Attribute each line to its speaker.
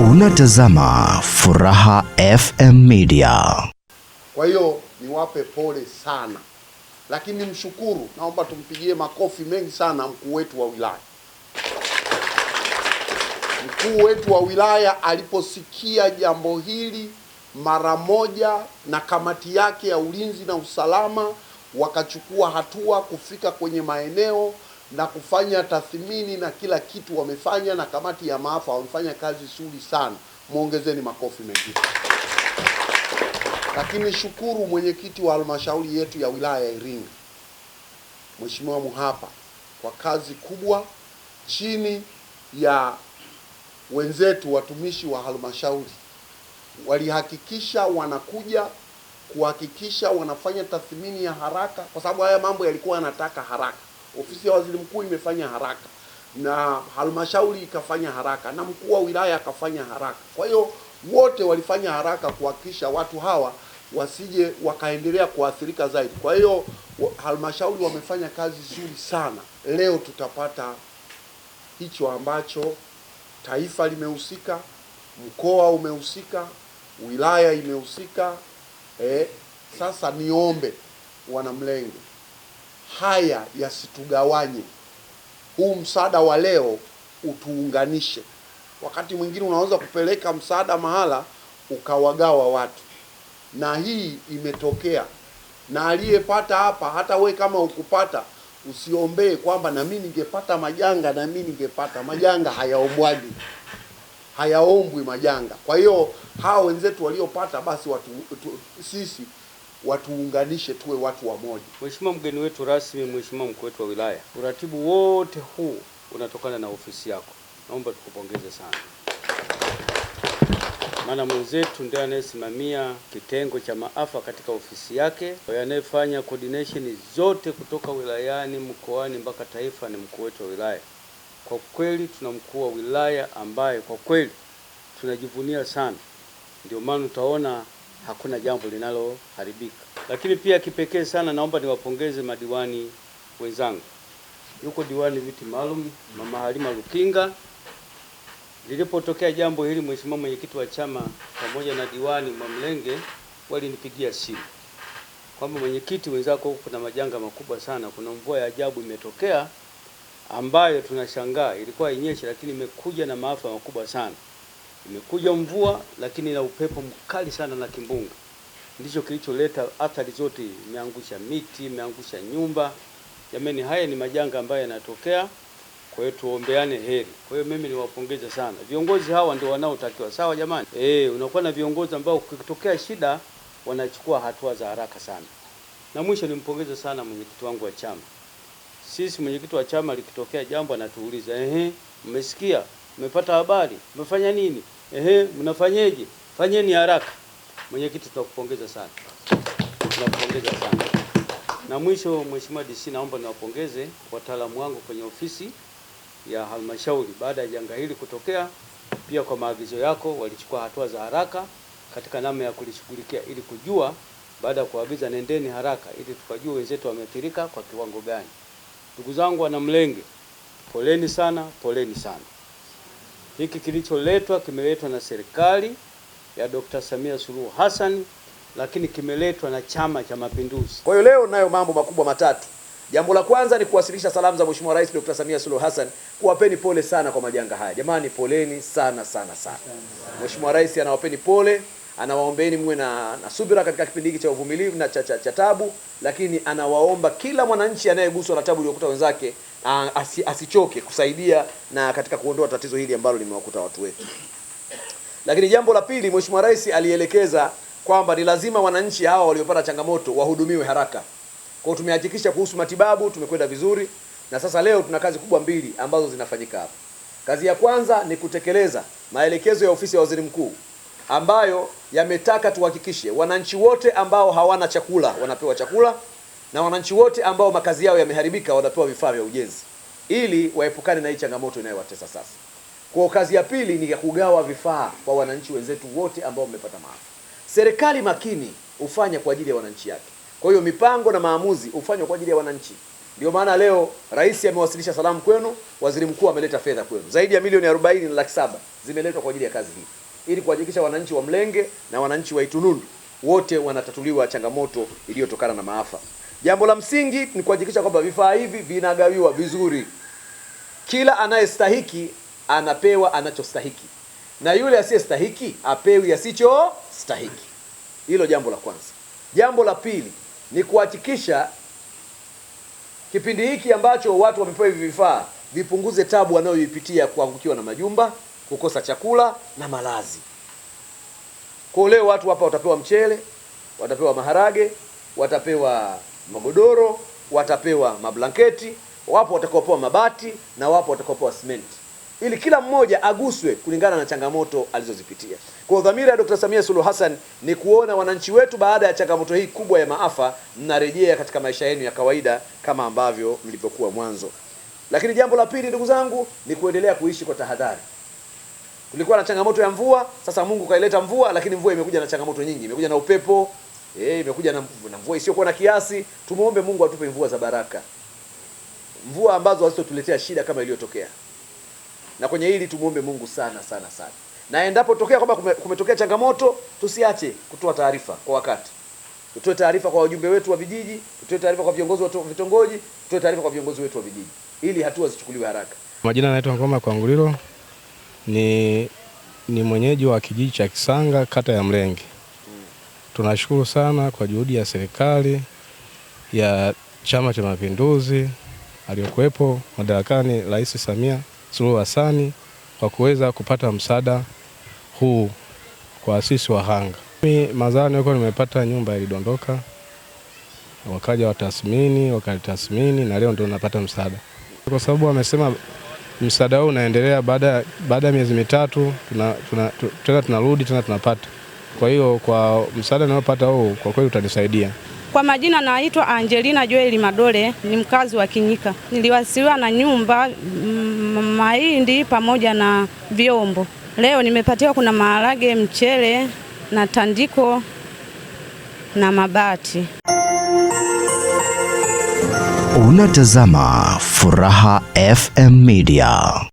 Speaker 1: Unatazama Furaha FM Media.
Speaker 2: Kwa hiyo niwape pole sana, lakini mshukuru, naomba tumpigie makofi mengi sana mkuu wetu wa wilaya. Mkuu wetu wa wilaya aliposikia jambo hili mara moja, na kamati yake ya ulinzi na usalama wakachukua hatua kufika kwenye maeneo na kufanya tathmini na kila kitu wamefanya, na kamati ya maafa wamefanya kazi nzuri sana, mwongezeni makofi mengine. Lakini shukuru mwenyekiti wa halmashauri yetu ya wilaya ya Iringa Mheshimiwa Muhapa kwa kazi kubwa chini ya wenzetu watumishi wa halmashauri walihakikisha wanakuja kuhakikisha wanafanya tathmini ya haraka, kwa sababu haya mambo yalikuwa yanataka haraka. Ofisi ya waziri mkuu imefanya haraka na halmashauri ikafanya haraka na mkuu wa wilaya akafanya haraka. Kwa hiyo wote walifanya haraka kuhakikisha watu hawa wasije wakaendelea kuathirika zaidi. Kwa hiyo halmashauri wamefanya kazi nzuri sana. Leo tutapata hicho ambacho taifa limehusika, mkoa umehusika, wilaya imehusika. Eh, sasa niombe wanamlenge haya yasitugawanye. Huu msaada wa leo utuunganishe. Wakati mwingine unaweza kupeleka msaada mahala ukawagawa watu, na hii imetokea na aliyepata hapa, hata we kama ukupata usiombee kwamba na mimi ningepata majanga, na mimi ningepata majanga. Hayaombwagi, hayaombwi majanga. Kwa hiyo hawa wenzetu waliopata, basi watu, watu, sisi watuunganishe tuwe watu wamoja.
Speaker 3: Mheshimiwa mgeni wetu rasmi, Mheshimiwa mkuu wetu wa wilaya, uratibu wote huu unatokana na ofisi yako, naomba tukupongeze sana, maana mwenzetu ndiye anayesimamia kitengo cha maafa katika ofisi yake, anayefanya coordination zote kutoka wilayani, mkoani mpaka taifa ni mkuu wetu wa wilaya. Kwa kweli tuna mkuu wa wilaya ambaye kwa kweli tunajivunia sana, ndio maana utaona hakuna jambo linaloharibika. Lakini pia kipekee sana naomba niwapongeze madiwani wenzangu, yuko diwani viti maalum Mama Halima Lukinga. Lilipotokea jambo hili, mheshimiwa mwenyekiti wa chama pamoja na diwani Mwamlenge walinipigia simu kwamba mwenyekiti wenzako, kuna majanga makubwa sana, kuna mvua ya ajabu imetokea ambayo tunashangaa ilikuwa inyeshe, lakini imekuja na maafa makubwa sana imekuja mvua lakini na upepo mkali sana na kimbunga, ndicho kilicholeta athari zote. Imeangusha miti, imeangusha nyumba. Jamani, haya ni majanga ambayo yanatokea, kwa hiyo tuombeane heri. Kwa hiyo mimi niwapongeze sana viongozi hawa, ndio wanaotakiwa. Sawa jamani, eh, unakuwa na viongozi ambao kikitokea shida wanachukua hatua za haraka sana. Na mwisho nimpongeze sana mwenyekiti wangu wa chama. Sisi mwenyekiti wa chama likitokea jambo anatuuliza, ehe, mmesikia? Mmepata habari? Mmefanya nini? Ehe, mnafanyeje? Fanyeni haraka. Mwenyekiti, tunakupongeza sana, tunakupongeza sana. Na mwisho, Mheshimiwa DC, naomba niwapongeze wataalamu wangu kwenye ofisi ya halmashauri baada ya janga hili kutokea. Pia kwa maagizo yako walichukua hatua za haraka katika namna ya kulishughulikia ili kujua, baada ya kuagiza nendeni haraka, ili tukajua wenzetu wameathirika kwa kiwango gani. Ndugu zangu wana Mlenge, poleni sana, poleni sana. Hiki kilicholetwa kimeletwa na serikali ya Dr. Samia Suluhu Hassan, lakini kimeletwa na Chama cha Mapinduzi.
Speaker 4: Kwa hiyo leo nayo mambo makubwa matatu. Jambo la kwanza ni kuwasilisha salamu za Mheshimiwa Rais Dr. Samia Suluhu Hassan, kuwapeni pole sana kwa majanga haya. Jamani, poleni sana sana sana. Mheshimiwa Rais anawapeni pole, anawaombeeni muwe na, na subira katika kipindi hiki cha uvumilivu na cha, cha, cha tabu, lakini anawaomba kila mwananchi anayeguswa na tabu iliyokuta wenzake asi, asichoke kusaidia na katika kuondoa tatizo hili ambalo limewakuta watu wetu. Lakini jambo la pili, Mheshimiwa Rais alielekeza kwamba ni lazima wananchi hawa waliopata changamoto wahudumiwe haraka. Kwa tumehakikisha kuhusu matibabu tumekwenda vizuri, na sasa leo tuna kazi kubwa mbili ambazo zinafanyika hapa. Kazi ya kwanza ni kutekeleza maelekezo ya ofisi ya waziri mkuu ambayo yametaka tuhakikishe wananchi wote ambao hawana chakula wanapewa chakula na wananchi wote ambao makazi yao yameharibika wanapewa vifaa vya ujenzi ili waepukane na hii changamoto inayowatesa sasa. Kwa kazi ya pili ni ya kugawa vifaa kwa wananchi wenzetu wote ambao wamepata maafa. Serikali makini ufanya kwa ajili ya wananchi yake, kwa hiyo mipango na maamuzi ufanywe kwa ajili ya wananchi. Ndio maana leo rais amewasilisha salamu kwenu, waziri mkuu ameleta fedha kwenu, zaidi ya milioni 40 na laki saba zimeletwa kwa ajili ya kazi hii, ili kuhakikisha wananchi wa Mlenge na wananchi wa Itunundu wote wanatatuliwa changamoto iliyotokana na maafa. Jambo la msingi ni kuhakikisha kwamba vifaa hivi vinagawiwa vizuri, kila anayestahiki anapewa anachostahiki na yule asiyestahiki apewi asichostahiki. Hilo jambo la kwanza. Jambo la pili ni kuhakikisha kipindi hiki ambacho watu wamepewa hivi vifaa vipunguze tabu wanayoipitia kuangukiwa na majumba, kukosa chakula na malazi. Kwa leo watu hapa watapewa mchele, watapewa maharage, watapewa magodoro, watapewa mablanketi, wapo watakaopewa mabati na wapo watakaopewa simenti, ili kila mmoja aguswe kulingana na changamoto alizozipitia. Kwa dhamira ya Dr. Samia Suluhu Hassan ni kuona wananchi wetu baada ya changamoto hii kubwa ya maafa mnarejea katika maisha yenu ya kawaida kama ambavyo mlivyokuwa mwanzo. Lakini jambo la pili, ndugu zangu, ni kuendelea kuishi kwa tahadhari. Kulikuwa na changamoto ya mvua, sasa Mungu kaileta mvua, lakini mvua imekuja na changamoto nyingi, imekuja na upepo eh, imekuja na, na mvua isiyokuwa na kiasi. Tumuombe Mungu atupe mvua za baraka, mvua ambazo hazitotuletea shida kama iliyotokea. Na kwenye hili tumuombe Mungu sana sana sana, na endapo tokea kwamba kumetokea changamoto, tusiache kutoa taarifa kwa wakati tutoe taarifa kwa wajumbe wetu wa vijiji, tutoe taarifa kwa viongozi wa vitongoji, tutoe taarifa kwa viongozi wetu wa vijiji ili hatua zichukuliwe haraka.
Speaker 5: Majina yanaitwa Ngoma Kwanguliro, ni ni mwenyeji wa kijiji cha Kisanga, kata ya Mlenge. Tunashukuru sana kwa juhudi ya serikali ya Chama cha Mapinduzi aliyokuwepo madarakani Rais Samia Suluhu Hassan kwa kuweza kupata msaada huu kwa wasisi wahanga. Mimi madhara nilikuwa nimepata, nyumba ilidondoka, wakaja watathmini, wakalitathmini na leo ndio napata msaada, kwa sababu wamesema msaada huu unaendelea baada ya miezi mitatu tena tunarudi tena tuna, tuna, tuna, tunapata kwa hiyo kwa msaada ninaopata huu kwa kweli utanisaidia.
Speaker 6: Kwa majina naitwa Angelina Joeli Madole, ni mkazi wa Kinyika. Niliwasiliwa na nyumba mm, mahindi pamoja na vyombo. Leo nimepatiwa kuna maharage, mchele na tandiko na mabati.
Speaker 1: Unatazama Furaha FM Media.